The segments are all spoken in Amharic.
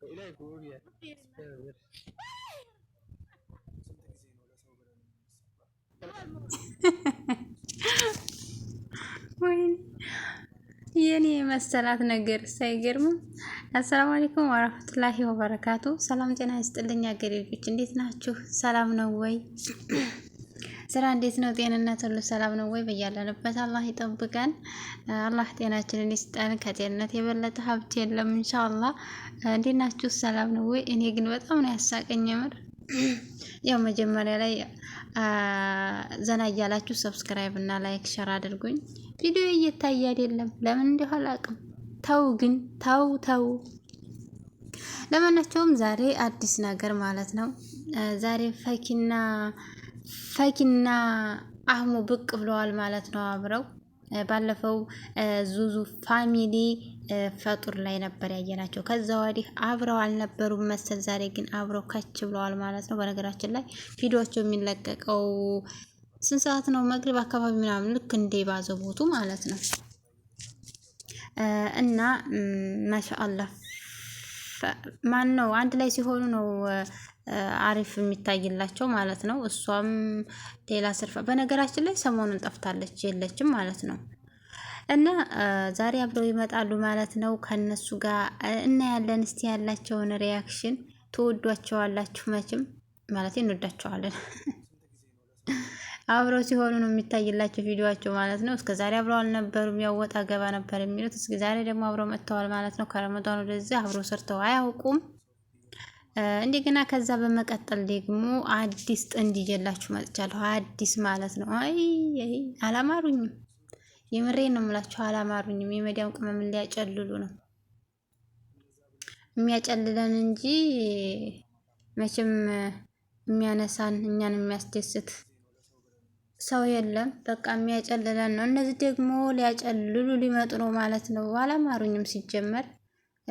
የኔ የመሰላት ነገር ሳይገርምም። አሰላሙ አለይኩም ወራህመቱላሂ ወበረካቱ። ሰላም ጤና ይስጥልኝ አገሬ ልጆች፣ እንዴት ናችሁ? ሰላም ነው ወይ? ስራ እንዴት ነው? ጤንነት ሁሉ ሰላም ነው ወይ? በያለንበት አላህ ይጠብቀን። አላህ ጤናችንን ይስጠን። ከጤንነት የበለጠ ሀብት የለም። እንሻላ እንዴት ናችሁ? ሰላም ነው ወይ? እኔ ግን በጣም ነው ያሳቀኝ ምር ያው መጀመሪያ ላይ ዘና እያላችሁ ሰብስክራይብ እና ላይክ ሸር አድርጉኝ። ቪዲዮ እየታየ አይደለም ለምን እንደሆነ አላውቅም። ተው ግን ተው ተው። ለማናቸውም ዛሬ አዲስ ነገር ማለት ነው ዛሬ ፈኪና ፈኪና አህሙ ብቅ ብለዋል ማለት ነው አብረው ባለፈው ዙዙ ፋሚሊ ፈጡር ላይ ነበር ያየናቸው። ከዛ ወዲህ አብረው አልነበሩም መሰል። ዛሬ ግን አብረው ከች ብለዋል ማለት ነው። በነገራችን ላይ ቪዲዮቸው የሚለቀቀው ስንት ሰዓት ነው? መግሪብ አካባቢ ምናምን፣ ልክ እንደ ባዘቦቱ ማለት ነው። እና ማሻአላህ ማን ነው አንድ ላይ ሲሆኑ ነው አሪፍ የሚታይላቸው ማለት ነው። እሷም ሌላ ስርፋ በነገራችን ላይ ሰሞኑን ጠፍታለች የለችም ማለት ነው። እና ዛሬ አብረው ይመጣሉ ማለት ነው። ከነሱ ጋር እናያለን። እስቲ ያላቸውን ሪያክሽን ትወዷቸዋላችሁ መቼም ማለት እንወዳቸዋለን። አብረው ሲሆኑ ነው የሚታይላቸው ቪዲዮቸው ማለት ነው። እስከ ዛሬ አብረው አልነበሩም፣ ያወጣ ገባ ነበር የሚሉት። እስከ ዛሬ ደግሞ አብረው መጥተዋል ማለት ነው። ከረመዷን ወደዚህ አብረው ሰርተው አያውቁም። እንደገና ከዛ በመቀጠል ደግሞ አዲስ ጥንድ ይዤላችሁ መጥቻለሁ። አዲስ ማለት ነው። አይ አላማሩኝም፣ የምሬ ነው የምላችሁ አላማሩኝም። የመዲያም ቅመም ሊያጨልሉ ነው የሚያጨልለን እንጂ መቼም የሚያነሳን እኛን የሚያስደስት ሰው የለም። በቃ የሚያጨልለን ነው። እነዚህ ደግሞ ሊያጨልሉ ሊመጡ ነው ማለት ነው። አላማሩኝም ሲጀመር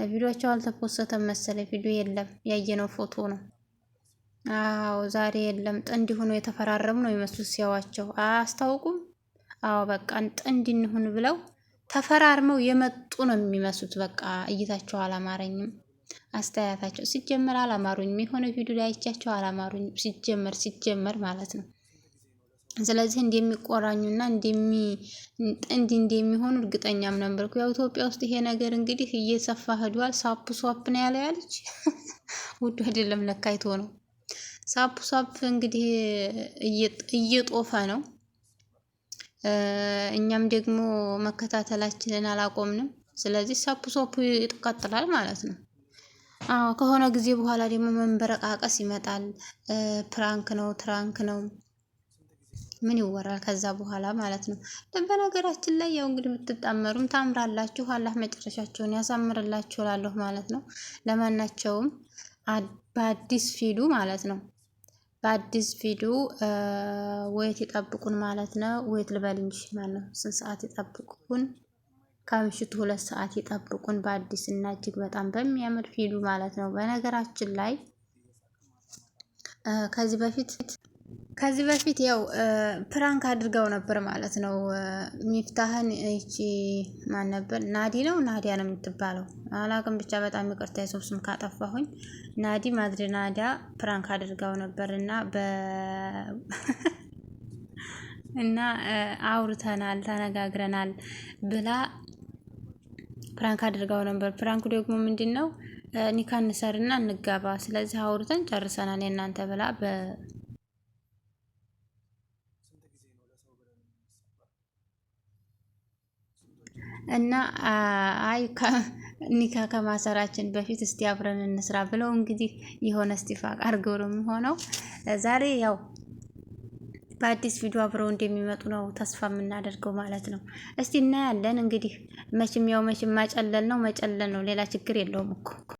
ቪዲዮቸው አልተፖሰተም መሰለ ቪዲዮ የለም፣ ያየነው ፎቶ ነው። አዎ ዛሬ የለም። ጥንድ ሆኖ የተፈራረሙ ነው የሚመስሉት ሲያዋቸው አያስታውቁም። አዎ በቃ ጥንድ እንሁን ብለው ተፈራርመው የመጡ ነው የሚመስሉት። በቃ እይታቸው አላማረኝም። አስተያየታቸው ሲጀመር አላማሩኝም። የሆነ ቪዲዮ ላይ አይቻቸው አላማሩኝም። ሲጀመር ሲጀመር ማለት ነው ስለዚህ እንደሚቆራኙና እንደሚ ጥንድ እንደሚሆኑ እርግጠኛም ነበርኩ። ያው ኢትዮጵያ ውስጥ ይሄ ነገር እንግዲህ እየሰፋ ሄዷል። ሳፕ ሷፕ ነው ያለ ያለች ውዱ አይደለም ለካ አይቶ ነው። ሳፕ ሷፕ እንግዲህ እየጦፈ ነው። እኛም ደግሞ መከታተላችንን አላቆምንም። ስለዚህ ሳፕ ሷፕ ይቀጥላል ማለት ነው። አዎ ከሆነ ጊዜ በኋላ ደግሞ መንበረቃቀስ ይመጣል። ፕራንክ ነው ትራንክ ነው ምን ይወራል ከዛ በኋላ ማለት ነው። በነገራችን ላይ ያው እንግዲህ የምትጣመሩም ታምራላችሁ፣ አላህ መጨረሻቸውን ያሳምርላችሁ እላለሁ ማለት ነው። ለማናቸውም በአዲስ ፊዱ ማለት ነው በአዲስ ፊዱ ወየት ይጠብቁን ማለት ነው። ወየት ልበል እንጂ ማለት ነው። ስንት ሰዓት ይጠብቁን? ከምሽቱ ሁለት ሰዓት ይጠብቁን በአዲስ እና እጅግ በጣም በሚያምር ፊዱ ማለት ነው። በነገራችን ላይ ከዚህ በፊት ከዚህ በፊት ያው ፕራንክ አድርገው ነበር ማለት ነው። ሚፍታህን ይቺ ማን ነበር? ናዲ ነው ናዲያ ነው የምትባለው አላቅም። ብቻ በጣም ይቅርታ የሶብስም ካጠፋሁኝ። ናዲ ማድሪ ናዲያ ፕራንክ አድርገው ነበር እና በ እና አውርተናል ተነጋግረናል ብላ ፕራንክ አድርገው ነበር። ፕራንኩ ደግሞ ምንድን ነው? ኒካ እንሰርና እንጋባ፣ ስለዚህ አውርተን ጨርሰናል የእናንተ ብላ እና አይ ኒካ ከማሰራችን በፊት እስቲ አብረን እንስራ ብለው እንግዲህ የሆነ እስቲፋቅ አድርገው ነው የሚሆነው። ዛሬ ያው በአዲስ ቪዲዮ አብረው እንደሚመጡ ነው ተስፋ የምናደርገው ማለት ነው። እስቲ እናያለን እንግዲህ መቼም ያው መቼም ማጨለል ነው መጨለል ነው፣ ሌላ ችግር የለውም እኮ